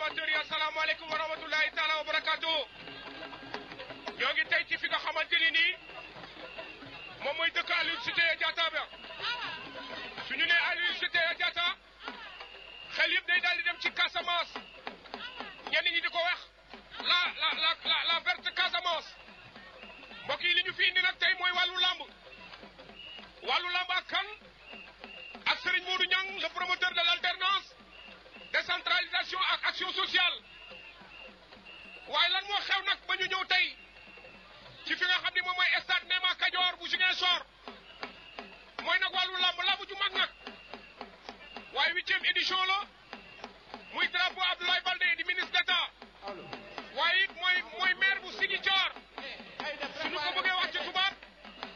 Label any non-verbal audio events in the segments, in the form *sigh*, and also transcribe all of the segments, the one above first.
amateur yi asalaamaaleykum wa rahmatulahi taala wa barakaatu ñoo ngi tey ci fi nga xamante ni nii moom mooy dëkk Aline Sitoé Diatta ba suñu ne Aline Sitoé Diatta xel yëpp day daal dem ci Casamance ñenn ñi di ko wax la la la la verte Casamance mbokk yi li ñu fi indi tey mooy wàllu làmb ay huitième édition la muy drapeau Abdoulaye Baldé di mooy mooy bu Ziguinchor suñu ko bëggee wax ci tubaab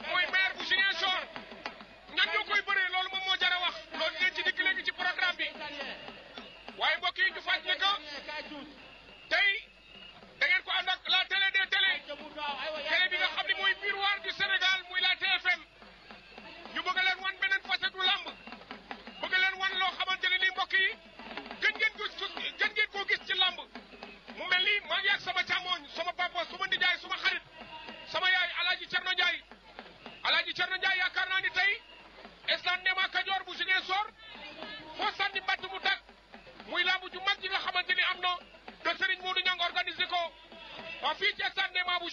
mooy maire bu Ziguinchor ñan ñoo koy loolu moom moo jar a wax loolu dinañ ci dikk léegi ci programme bi waaye mbokk yi ñu fàttali ne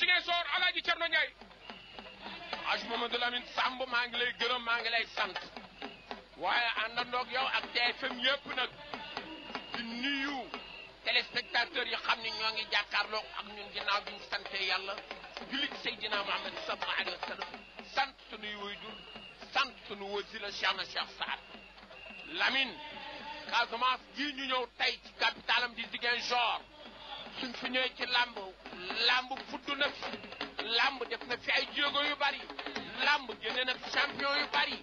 Ziguinchor Alaaji Cerno Njaay Aj Mamadou Lamine Samb maa ngi lay gërëm maa ngi lay sant waaye àndandoog yow ak TFM yëpp nag di nuyu téléspectateurs yi xam ne ñoo ngi jàkkaarloo ak ñun ginnaaw bi ñu sante yàlla julli ci Seydina Muhammad sallallahu alayhi wa sallam sant sunuy waajur sant sunu wasila Cheikh na Cheikh Saad Lamine Casamance gii ñu ñëw tey ci capitalam di Ziguinchor suñ fi ñëwee ci làmb làmb fudd na fi làmb def na fi ay jéego yu bari làmb génne na fi champion yu bari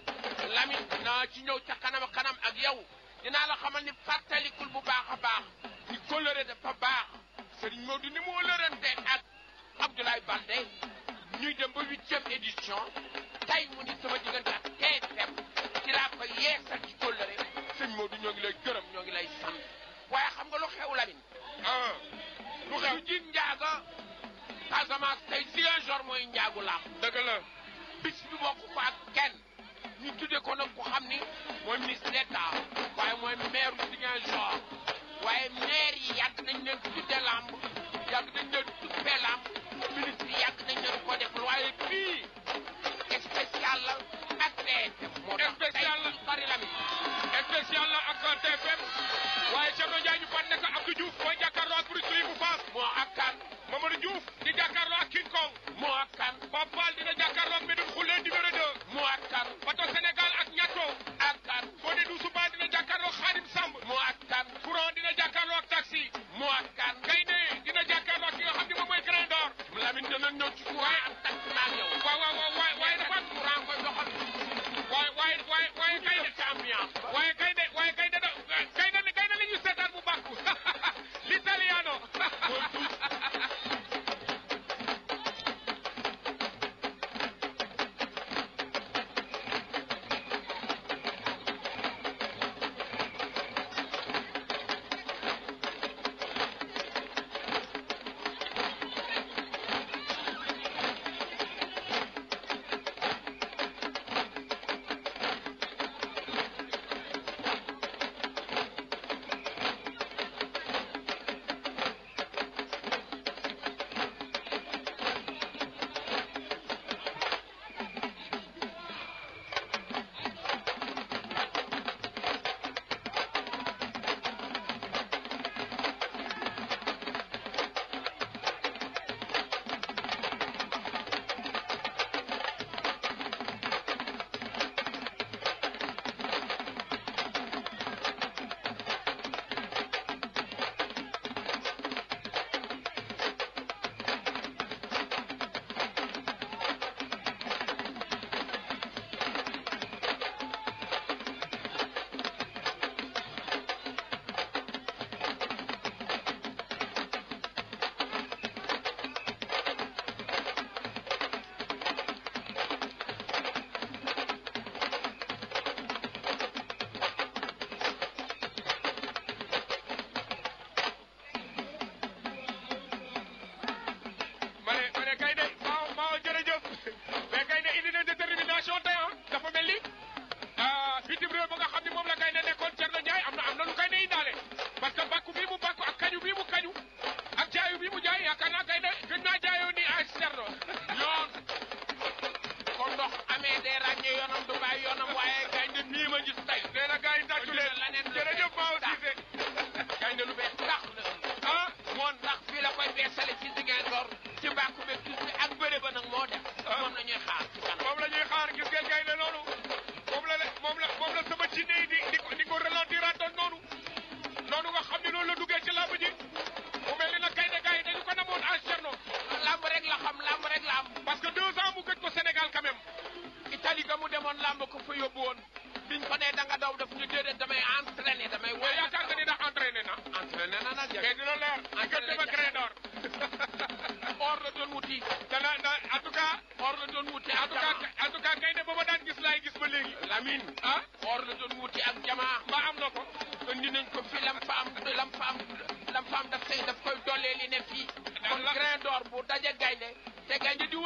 Lamine dinaa ci ñëw ca kanam kanam ak yow dinaa la xamal ni fàttalikul bu baax a baax di kóllëre dafa baax Serigne Modou ni mu wëllërante ak Abdoulaye Baldé ñuy dem ba huitième édition tey mu ni sama diggante ak TFM ci laa ko yeesal ci kóllëre Serigne Modou ñoo ngi lay gërëm ñoo ngi lay sant waaye xam nga lu xew bu xew lu a njaaga Casamance tey Ziguinchor mooy njaagu làmb dëgg la bis bi bokk ko ak kenn ñu tudde ko nag ko xam ni mooy ministre d'État waaye mooy maire Ziguinchor waaye maire yi yàgg nañ leen tudde làmb yàgg nañ leen tuddee làmb ministre yàgg nañ leen ko def waaye bii spécial la ak TFM moo tax spécial la bari la mi spécial la ak TFM waaye Cheikh Ndiaye ñu fàtte ko Abdou Diouf mooy jàkk Abdou Souleymou Bass moo ak kan Mamadou Diouf di jàkkaarloo ak King Kong moo ak kan Pape Fall dina jàkkaarloo ak Médoune Khoule numéro 2 moo ak kan Bato Sénégal ak Ñatto ak kan Fodé Doussou Ba dina jàkkaarloo Khadim Samb moo ak kan Fouron dina jàkkaarloo ak Taxi moo ak kan Gaynde dina jàkkaarloo ak ki nga xam ne moom mooy Grand Dor Lamine dana ñëw ci courant ak tax na ak yow waaw waaw waaw waaye nag courant koy doxal waaye waaye waaye waaye Gaynde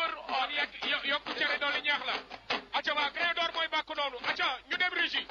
wër on oh, yokk cere dooli ñaax la aca waa Crédor mooy bàkk noonu aca ñu dem régie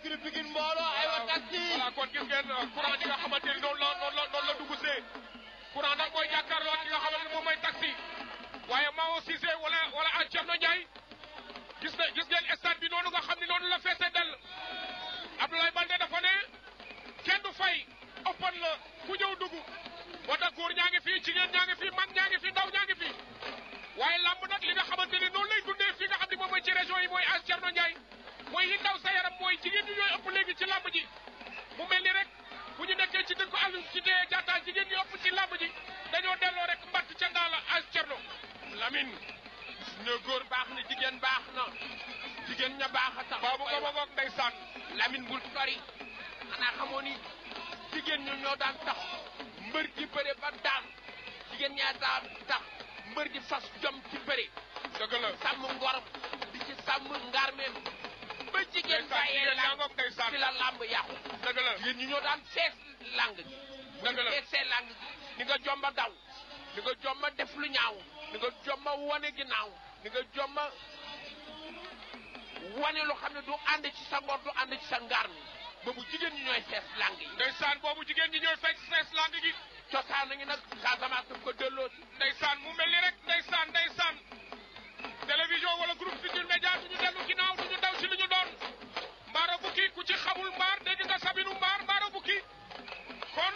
écurie Pikine mbooloo ay wa taxi voilà kon gis ngeen euh, courant di nga xamante ni noonu la noonu la noonu la dugg see nga xamante moom mooy taxi waaye Mao Cissé wala wala ak Thierno Ndiaye gis na gis ngeen stade bi noonu nga xam ne noonu la feesee dell Abdoulaye Baldé dafa ne kenn du fay open la ku ñëw dugg moo tax góor ñaa ngi fii jigéen ñaa ngi fii mag ñaa ngi fii ndaw ñaa ngi fii waaye làmb nag li nga xamante ni noonu lay dundee fii nga xam ne moom mooy ci région yi mooy ak Thierno mooy yi daw sa yaram mooy jigéen ñi ñooy ëpp léegi ci làmb ji mu mel ni rek bu ñu nekkee ci dëkk àll ci dee jaataa jigéen ñi ëpp ci làmb ji dañoo delloo rek mbatt ca ndaa la ak cerno Lamine na góor baax na jigéen baax na jigéen ña baax a tax boobu nga ma boog ndeysaan Lamine bul sori xanaa xamoo ni jigéen ñu ñoo daan tax mbër ji bëre ba daan jigéen ñaa daan tax mbër ji fas jom ci bëre dëgg la sàmm ngorom di ci sàmm ngarmeem ba jigéen bàyyee làng ci la làmb yàqu dëgg la yéen ñi ñoo daan seet làng gi dëgg la ni nga jomba daw ni nga jomma def lu ñaaw ni nga jomma wane ginnaaw ni nga jomma wane loo xam ne du ànd ci sa du ànd ci sa ngaar mi boobu jigéen ñi ñooy sees lang yi ndeysaan boobu jigéen ñi ñooy fekk sees lang gi cosaan nañu nag na daf ko delloo si ndeysaan mu mel ni rek ndeysaan ndeysaan télévision wala groupe Futurs Médias duñu dellu ginnaaw ku ci xamul mbaar dégg nga sabinu mbaar mbaara bukki kon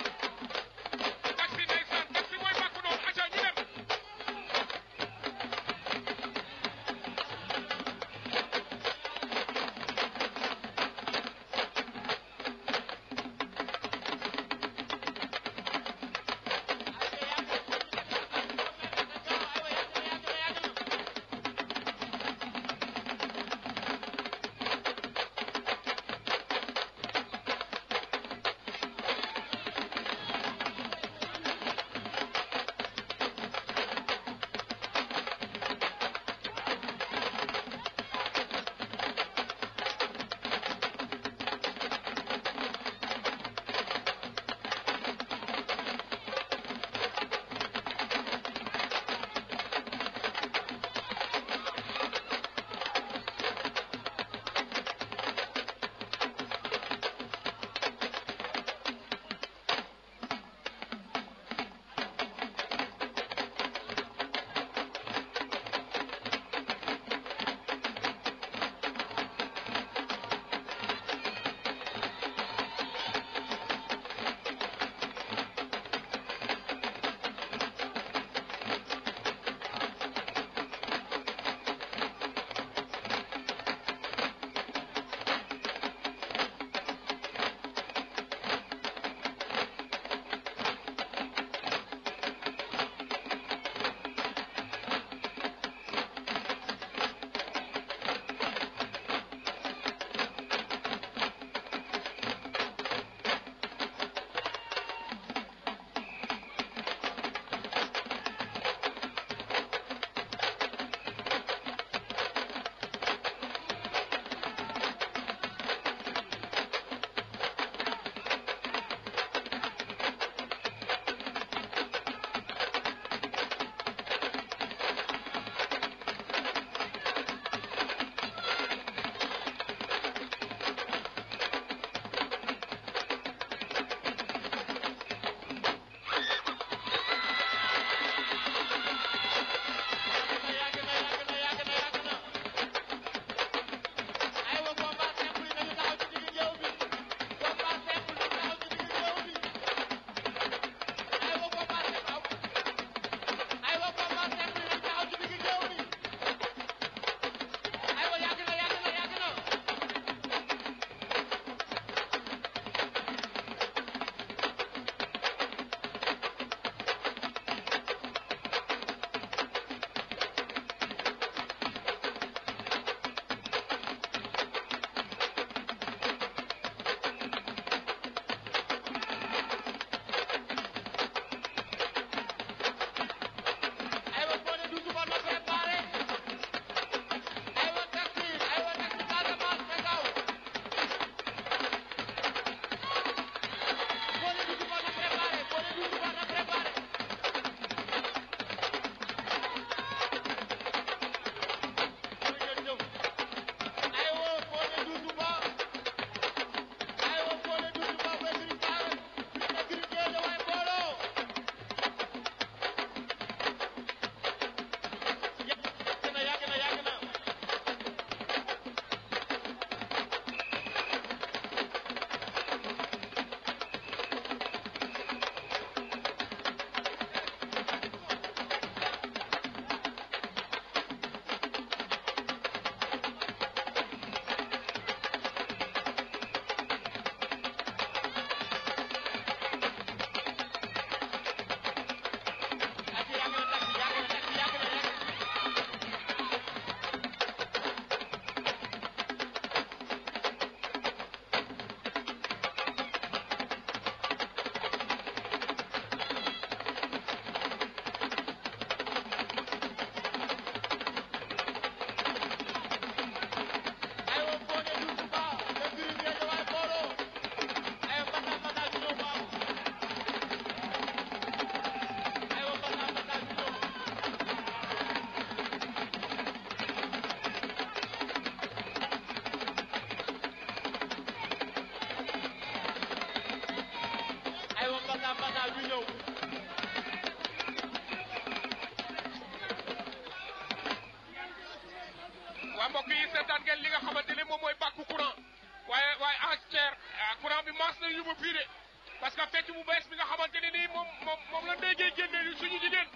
bu bees bi nga xamante ne nii moom moom moom la ndey géej génne suñu jigéen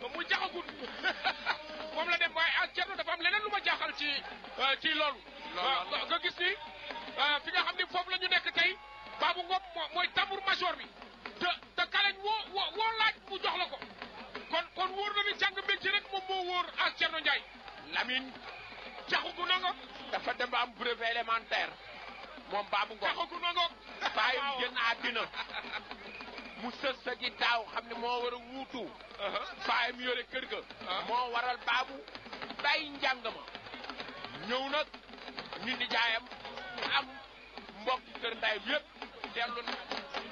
moom mu jaxagul *laughs* moom la def waaye ak dafa am leneen lu ma jaxal ci euh, ci loolu. loolu gis ni euh, fi nga xam ni foofu la ñu nekk tey Babou Ngom mooy tambour major bi ta te kaleñ woo woo laaj mu jox la ko kon kon wóor na ni jàng mbéy ci rek moom moo wóor ak Thierno Ndiaye. Lamine jaxagu na dafa dem ba am brevet moom baabu ngoog taxagu na ngoog bàyyam mu sës sa gi daaw xam ne moo war a wuutu uh-huh. bàyyam yore kër ga uh-huh. moo waral baabu bàyyi njàng ma ñëw nag ñu di jaayam am mbokk kër nday yépp dellu na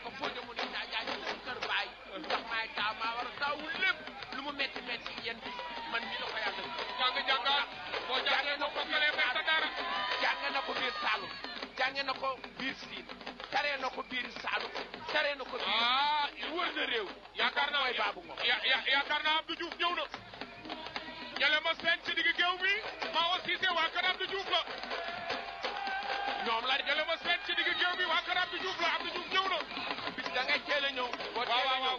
ko fooje mu ne daa jaay ci kër baay uh-huh. ndax maay taaw maa war a lépp lu mu metti metti man mi la ko yàlla jàng jàngaat boo jàngee na Saalum tere na ko biir Siin tere na ko biir Saalum tere na ko biir. ah wër na réew. yaakaar naa mooy baabu Ngom ya ya yaakaar naa Abdou ñëw na. ñale ma seen ci digg géew bi maa aussi c'est waa kër Abdou la. ñoom la ñale ma seen ci digg géew bi waa kër Abdou Diouf ñëw na. bis da ngay a ñëw. boo teel a ñëw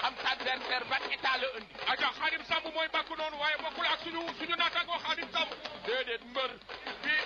xam sa adversaire ban état la aja Xaadim Samb mooy bàkk noonu waaye bokkul ak suñu suñu naataangoo Xaadim Samb. déedéet mbër bi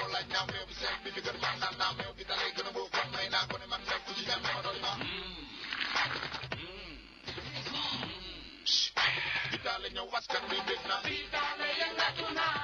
loolu laaj naa meew bi seet bi li ma naan naa meew bi dalay gën a boo naa ko ne man meew ku ci ñam bi daal la ñëw askan bi bég na bi daal la yëngatu naa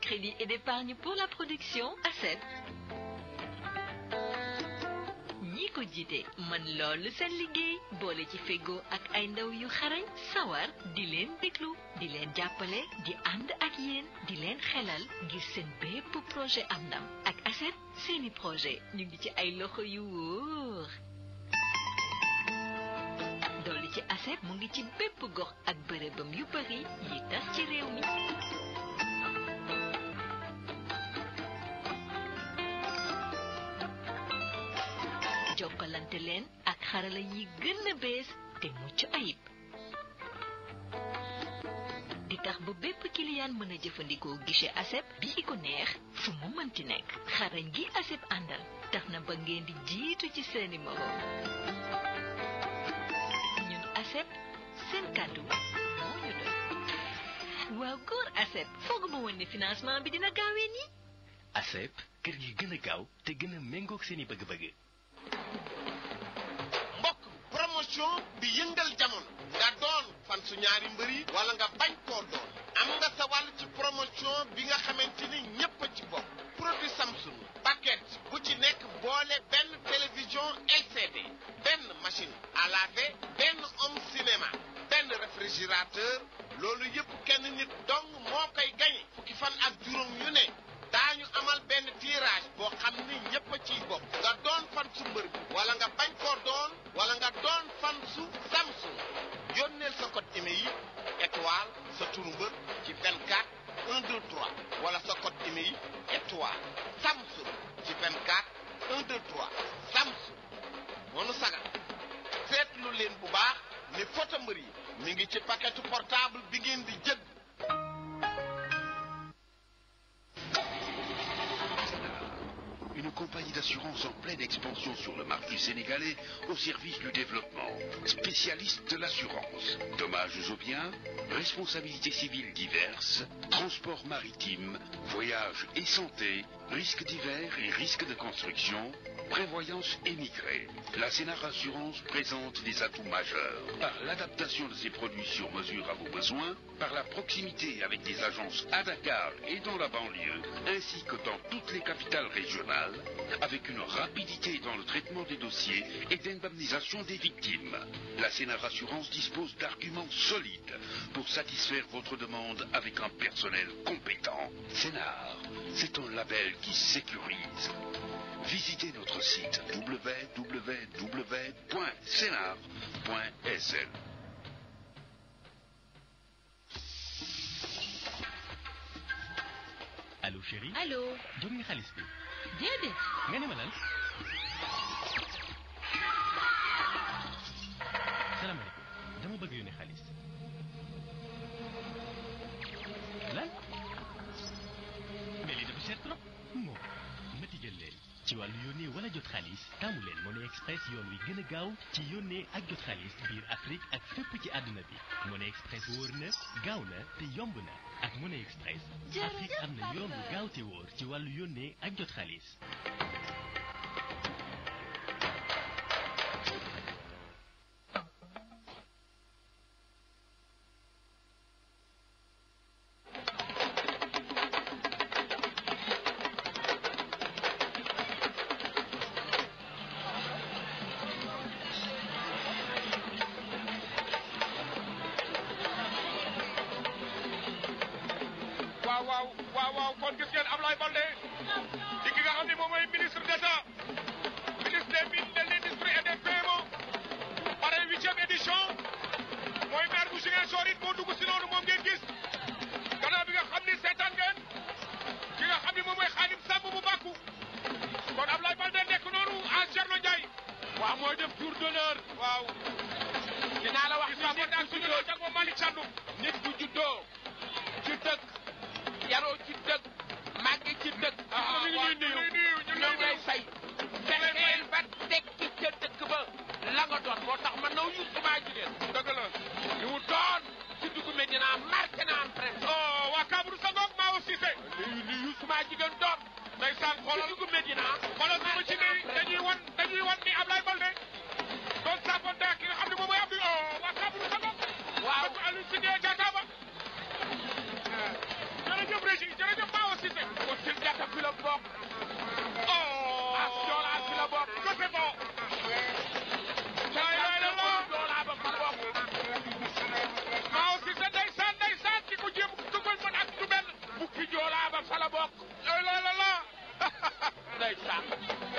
crédit et d'épargne pour la production ACED ñi ko jiite man loolu seen liggéey boole ci fégo ak ay ndaw yu xarañ sawar di leen déglu di leen jàppale di ànd ak yéen di leen xelal ngir seen bépp projet am ndam ak ACED seeni projet ñu ngi ci ay loxo yu wóor dolli ci ACED mu ngi ci bépp gox ak bërëbam yu bari yi tas ci réew mi gën a bees te mucc ayib di tax ba bépp kiliyaan mën a jëfandikoo guichet ASEP bii ko neex fu mu mënti nekk xarañ gi ASEP àndal tax na ba ngeen di jiitu ci seeni moroom ñun ASEP seen kàddu moo góor ASEP foog woon ne financement bi dina gaawee nii ASEP kër gi gën gaaw te gën a méngoog seeni bëgg-bëgg question bi yëngal jamono nga doon fan su ñaari mbër yi wala nga bañ koo doon am nga sa wàll ci promotion bi nga xamante ni ñépp ci bokk produit Samsung paket bu ci nekk boole benn télévision LCD benn machine à laver benn home cinéma benn réfrigérateur loolu yëpp kenn nit dong moo koy gañe fukki fan ak juróom yu ne daañu amal benn tirage boo xam ni ñépp ciy bokk nga doon spécialiste de l'assurance. Dommages aux biens, responsabilités civiles diverses, transport maritime, voyage et santé, risques divers et risques de construction, Prévoyance émigrée. La Sénart Assurance présente des atouts majeurs. Par l'adaptation de ses produits sur mesure à vos besoins, par la proximité avec des agences à Dakar et dans la banlieue, ainsi que dans toutes les capitales régionales, avec une rapidité dans le traitement des dossiers et d'indemnisation des victimes. La Sénart Assurance dispose d'arguments solides pour satisfaire votre demande avec un personnel compétent. Sénart, c'est un label qui sécurise. visitez notre site www.cénar.sl. Allô chérie Allô Domingo Jalisco. Diabète. ci wàllu yónnee wala jot xaalis taamu leen Money Express yoon wi gën a gaaw ci yónnee ak jot xaalis biir Afrique ak fépp ci àdduna bi Money Express wóor na gaaw na te yomb na ak Money Express Afrique am na yoon bu gaaw te wóor ci wàllu yónnee ak jot xaalis juddoo jagoo Malick Thiandoum nit bu juddoo ci dëkk yaroo ci dëkk màgge ci dëkk ah, ah, ñu ngi nuyu ñoo ngay fay fexeel ba tekki ca dëkk ba la moo tax man naw yu subaa jigéen dëgg la doon ci dugg Medina marqué na empreinte oh waa Kabru sa ngoog maa aussi te li yu subaa jigéen doon ndeysaan xoolal ci ma Medina xoolal ci wan dañuy wan ni Ablaye Balde doon saafonte Sidya Diatta ba jërëjëf Régis jërëjëf Bawo Cissé Ousseyn Diatta fi la bokk oh ak Joola fi la bokk Kose Bo caa yaay la loo Joola ba fa bokk Bawo Cissé ndeysaan ndeysaan di ko jéem ku koy mën ak du benn bukki Joola ba fa la bokk yooyu la la *laughs* la ndeysaan